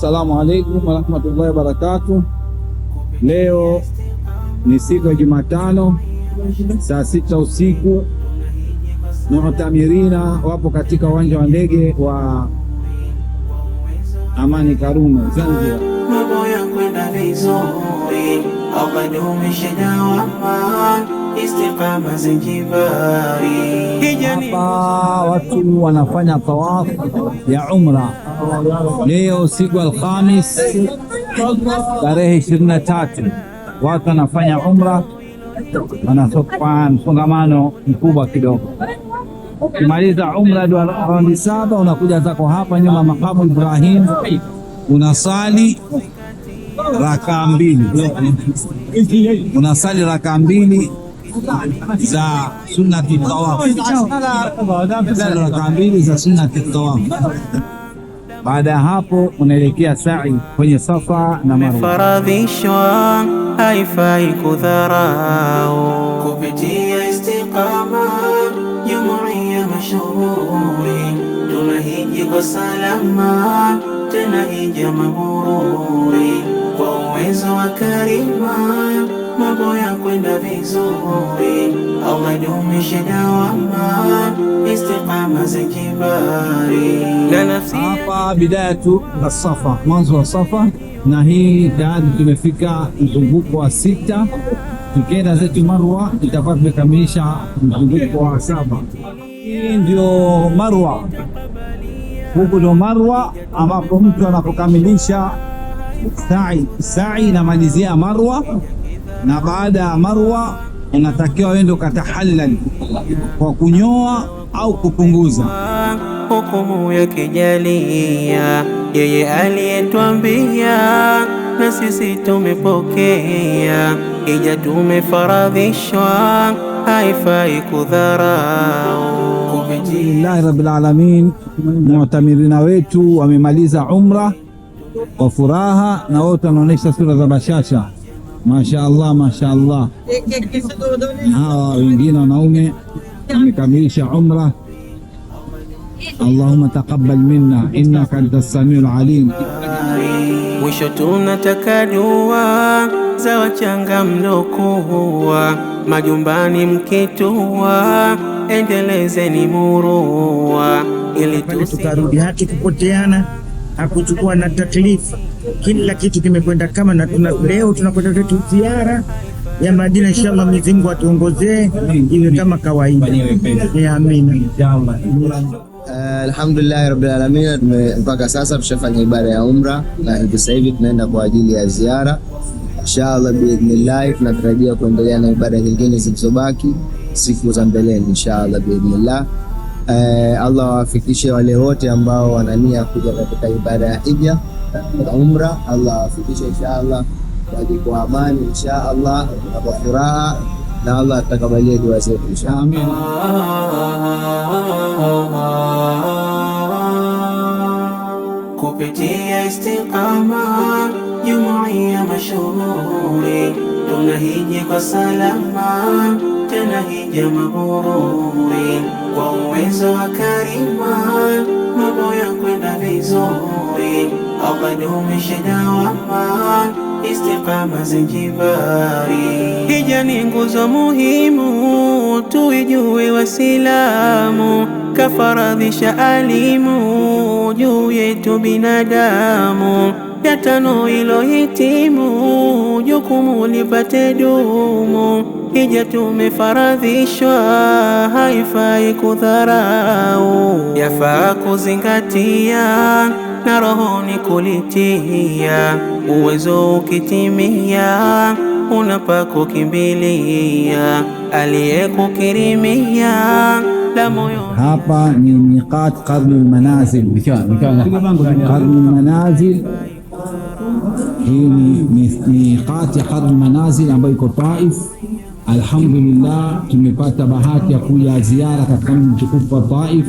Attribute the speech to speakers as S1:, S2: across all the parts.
S1: Assalamu alaikum warahmatullahi wabarakatuh. Leo ni siku ya Jumatano saa sita usiku, mu'tamirina wapo katika uwanja wa ndege wa Amani Karume Zanzibar. Mambo vizuri au bado Zanzibar, hapa watu wanafanya tawafu ya umra Leo siku Alhamis tarehe ishirini na tatu watu wanafanya umra, wanasoka msongamano mkubwa kidogo. Ukimaliza umra dua raundi saba, unakuja zako hapa nyuma makamu Ibrahim, unasali rakaa mbili, unasali rakaa mbili za sunnati tawafu, rakaa mbili za sunnati tawafu. Baada ya hapo unaelekea sa'i kwenye Safa na Marwa. Faradhishwa haifai kudharau kupitia istiqama, jumuiya mashuhuri, tunahiji kwa salama, tena hija mabururi kwa uwezo wa karima mambo ya kwenda vizuri, au adumishe dawama istiqama za hapa bidayatu na safa, mwanzo wa safa. Na hii tayari tumefika mzunguko wa sita, tukienda zetu Marwa itakuwa tumekamilisha mzunguko wa saba. Hii ndio Marwa, huku ndio Marwa ambapo mtu anapokamilisha sai sai inamalizia Marwa na baada ya marwa unatakiwa wende ukatahalal kwa kunyoa au kupunguza. Hukumu ya kijalia yeye aliyetwambia, na sisi tumepokea, ija tumefaradhishwa, haifai kudharau. Alhamdulillahi rabbil alamin, mu'tamirina wetu wamemaliza umra kwa furaha na wote wanaonyesha sura za bashasha. Mashaallah, mashaallah. Hawa wengine wanaume wamekamilisha umra. Allahumma taqabbal minna innaka antas samiul alim. Mwisho tunataka dua za wachanga mlokuwa
S2: majumbani mkitua, endelezeni murua ili tukarudi, kupoteana hakuchukua na taklifa kila kitu kimekwenda kama na tuna, leo tunakwenda tu ziara ya Madina inshallah, Mwenyezi Mungu atuongozee iwe kama kawaida, amina.
S3: Eh, alhamdulillahi rabbil alamin, mpaka sasa tushafanya ibada ya umra na hivi sasa hivi tunaenda kwa ajili ya ziara inshallah. Biidhnillah tunatarajia kuendelea na ibada nyingine zilizobaki siku za mbeleni inshallah biidhnillah. Eh, Allah wawafikishe wale wote ambao wanania kuja katika ibada ya hija na umra. Allah afikishe inshaallah, waje kwa amani inshaallah, na kwa furaha, na Allah atakabalie dua zetu inshaallah, kupitia Istiqama jumuiya mashuhuri tunahiji kwa salama hija mabururi kwa uwezo wa Karima mambo ya kwenda vizuri, aukadumishe dawama istiqama zinjibari. Hija ni nguzo muhimu, tuijue
S1: wasilamu kafaradhisha alimu juu yetu binadamu yatano ilo hitimu jukumu lipate dumu Hija tumefaradhishwa, haifai kudharau, yafaa kuzingatia na rohoni kulitia. Uwezo ukitimia, unapa kukimbilia aliyekukirimia. Hapa ni miqat Qarnul Manazil. Qarnul Manazil hii ni miqat ya Qarnul lmanazil ambayo iko Taif. Alhamdulillah, tumepata bahati ya kuja ziara katika mji mtukufu wa Taif,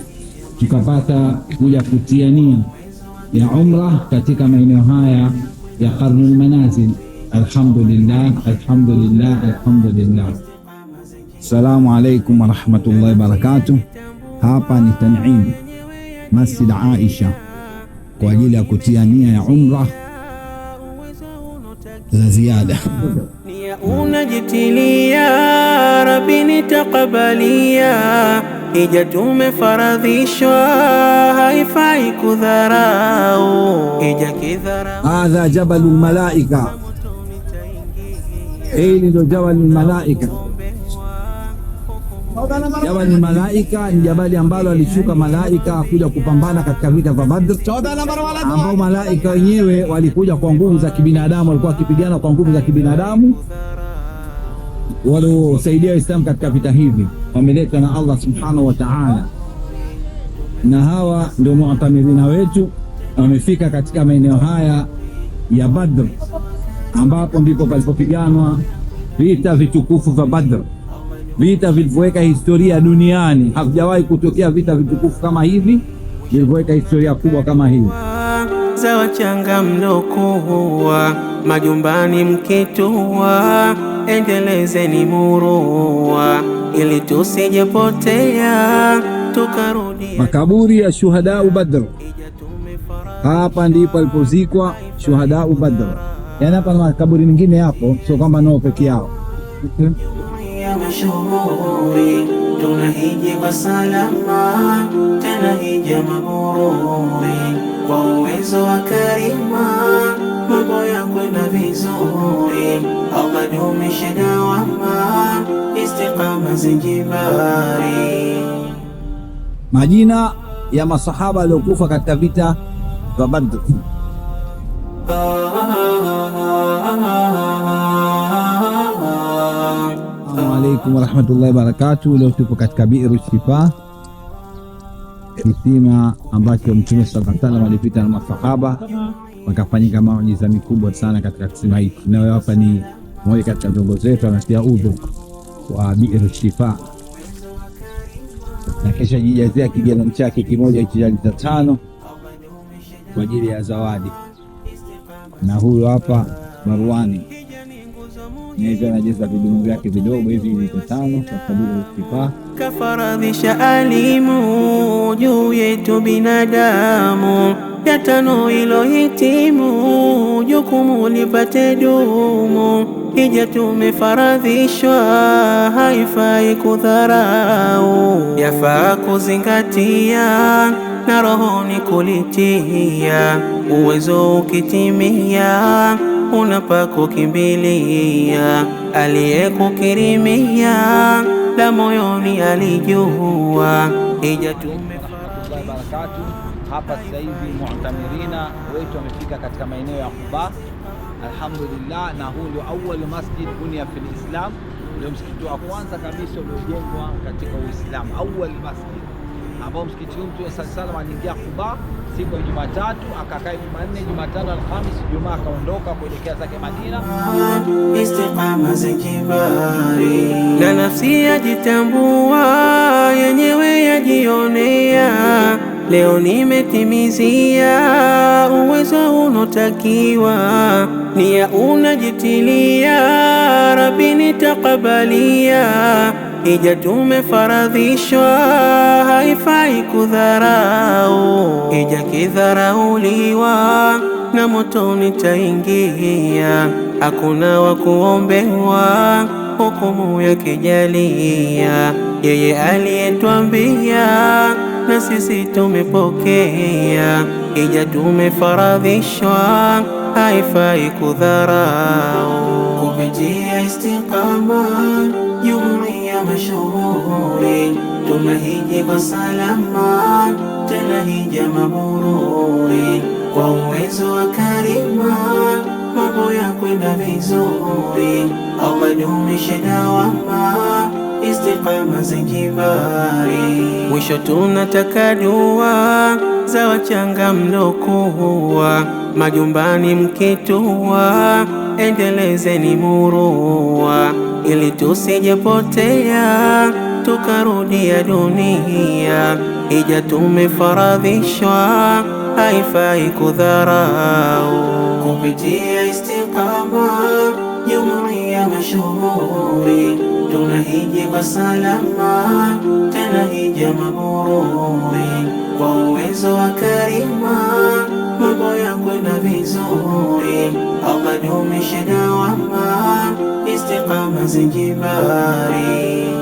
S1: tukapata kuja kutia nia ya umra katika maeneo haya ya Qarnul Manazil. Alhamdulillah, alhamdulillah, alhamdulillah. Assalamu alaikum warahmatullahi wabarakatuh. Hapa ni Tan'im Masjid Aisha kwa ajili ya kutia nia ya umra za ziada unajitilia Rabbi, nitakabalia hija tumefaradhishwa, haifai kudharau hija kidharau. Hadha jabalul malaika, hili ndio jabalul malaika. Jabali malaika ni jabali ambalo alishuka malaika kuja kupambana katika vita vya Badr, ambao malaika wenyewe walikuja kwa nguvu za kibinadamu, walikuwa wakipigana kwa nguvu za kibinadamu waliosaidia Waislamu katika vita hivi wameletwa na Allah subhanahu wa ta'ala, na hawa ndio muatamirina wetu. Wamefika katika maeneo haya ya Badr, ambapo ndipo palipopiganwa vita vitukufu vya Badr, vita vilivyoweka historia duniani. hakujawahi kutokea vita vitukufu kama hivi vilivyoweka historia kubwa kama hii za wachanga mlokuwa majumbani mkitua endelezeni murua ili tusijepotea tukarudi. Makaburi ya shuhadau Badr, hapa ndipo alipozikwa shuhadau Badr. Yaani hapa makaburi mengine hapo, sio kwamba nao peke yao mashuhuri tunahiji kwa salama tena hija mabururi kwa uwezo wa Karima. Kaburi, Allah dumishe dawama istiqama zinjibari. Majina ya masahaba waliokufa katika vita vya Badr. Assalamu alaykum wa rahmatullahi Leo tupo katika Biru Shifa, kisima ambacho Mtume sallallahu alaihi wasallam alipita na masahaba wakafanyika miujiza mikubwa sana katika kisima hiki. Nayo hapa ni mmoja katika viongozi wetu anasikia udhu wa Biru Shifa, na kisha jijazia kigeno chake kimoja cha lita tano kwa ajili ya zawadi. Na huyu hapa Marwani naeza anajeza vidumu vyake vidogo hivi lita tano katika Biru Shifa kafaradhisha alimu juu yetu binadamu, yatano hilo hitimu, jukumu lipate dumu. Hija tumefaradhishwa, haifai kudharau, yafaa
S4: kuzingatia na rohoni kulitia. Uwezo ukitimia, unapakukimbilia aliyekukirimia labda moyoni alijua. Ija barakatu. Hapa sasa hivi mu'tamirina wetu wamefika katika maeneo ya Quba, alhamdulillah, na huu ndio awali masjid bunia fil Islam, ndio msikiti wa kwanza kabisa uliojengwa katika Uislamu, awali masjid ambao msikiti huu Mtume sala salam aliingia Kuba siku ya Jumatatu, akakaa Jumanne, Jumatano, Alhamis, Jumaa akaondoka kuelekea zake Madina. Istiqama zikibari na nafsi yajitambua yenyewe yajionea, leo nimetimizia uwezo unotakiwa, nia unajitilia, Rabbi nitakabalia Hija tumefaradhishwa, haifai kudharau. ija kidharauliwa, na moto nitaingia Hakuna wa kuombewa, hukumu ya
S5: kijalia. Yeye aliyetwambia, na sisi tumepokea. Hija tumefaradhishwa, haifai kudharau. Kupitia Istiqama mashuhuri, tunahiji kwa salama, tena hija mabururi, kwa uwezo wa Karima mambo ya kwenda vizuri, aumadumishe dawama istiqama Zanjibari. Mwisho tunataka dua za wachanga mlokuwa majumbani mkitua, endelezeni murua ili tusijepotea tukarudia dunia, ija tumefaradhishwa haifai kudharau. Kupitia Istiqama jumuiya mashuhuri, tunahiji kwa salama, tena hija mabururi, kwa uwezo wa
S6: Karima mambo yakwenda vizuri, akadumishe dawama music and body.